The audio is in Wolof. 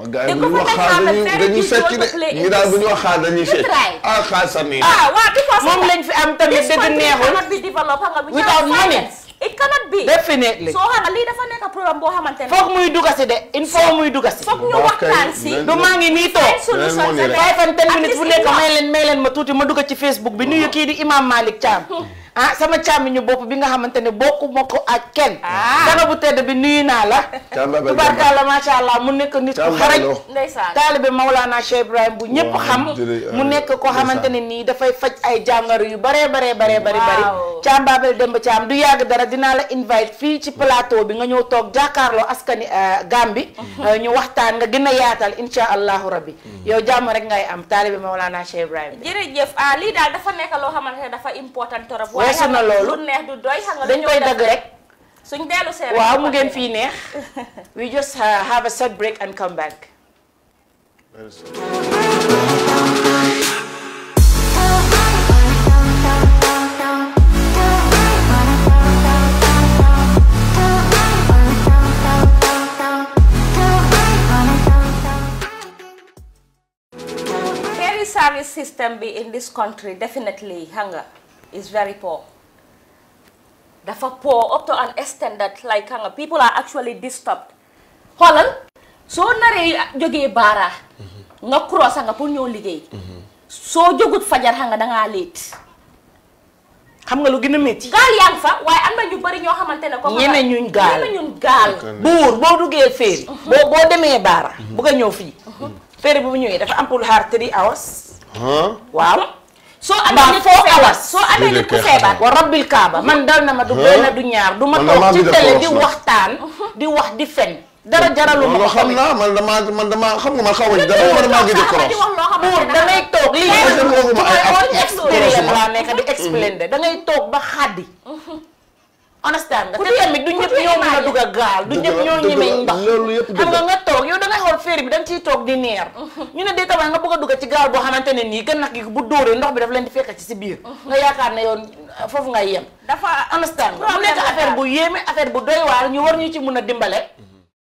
ma gars yi bu bu ñu wax xaar dañuy fecc ah xaar sax nii ah, moom lañ fi am tamit dëgg neexul without money it cannot be definitely soo boo xamante ne foog muy dugasi de il muy dugasi du maa ngi nii toog five and ten minutes bu nekk may leen ma tuuti ma dugg ci Facebook bi nuyu kii di Imam Malick Thiam ah sama càmmiñu bopp bi nga xamante ne bokku ma ko ak kenn. Ah. dana bu tedd bi nuyu naa la. tubarkalla macha allah mu nekk nit ku xarañ. ndeysaan taalibe Maulana Cheikh Ibrahim bu ñëpp xam. mu nekk koo xamante ne nii dafay faj ay jàngoro yu baree baree baree bari bari. Thiam Babel Demba Thiam du yàgg dara dinaa la invite fii ci plateau bi nga ñëw toog jàkkaarloo askani euh, Gambi. Mhm. Euh, ñu waxtaan nga gën a yaatal incha allahu rabbi. Mhm. yow jàmm rek ngay am taalibe Maulana Cheikh Ibrahim. jërëjëf ah lii weesu na loolu dañ koy dëgg rek suñ dellu see waaw mu neex we just uh, have a short break and come back service system be in this country definitely hunger. is very poor. dafa poor up to an extent like xam nga people are actually disturbed xoolal soo naree jógee baara nga cross nga pour ñëw liggéey soo jógut fajar xam nga dangaa leet xam nga lu gën a métti gaal yaa fa waaye am na ñu bari ñoo xamante ne ko ñeme ñuñ gaal ñeme gaal buur boo duggee féeri mhm. boo demee baara mhm. bu ñëw fii mhm. féeri bu bu ñëwee dafa am pour xaar three hours waaw soo amee nit ku feebar soo amee nit ku feebar wa rabbil kaaba man dal na ma du benn du ñaar du ma toog ci télé di waxtaan di wax di fen dara jaralu ma ko xam naa man damaa man damaa xam nga man xaw ma ci dara man damaa gëj a cross buur dangay toog li mooy expérience de dangay toog ba xaddi understand nga te tamit du ñëpp ñoo a dugg a gaal du ñëpp ñoo ñemee ndox xam nga nga toog affaire bi da nga ciy toog di neer ñu ne déetamay nga bëgg a dugg ci gaal boo xamante ne nii gannaaw gi bu dóoree ndox bi daf leen di fekk ci si biir nga yaakaar ne yow foofu ngay yem dafa understand mu nekk affaire bu yéeme affaire bu doy waar ñu war ñu ci mun a dimbale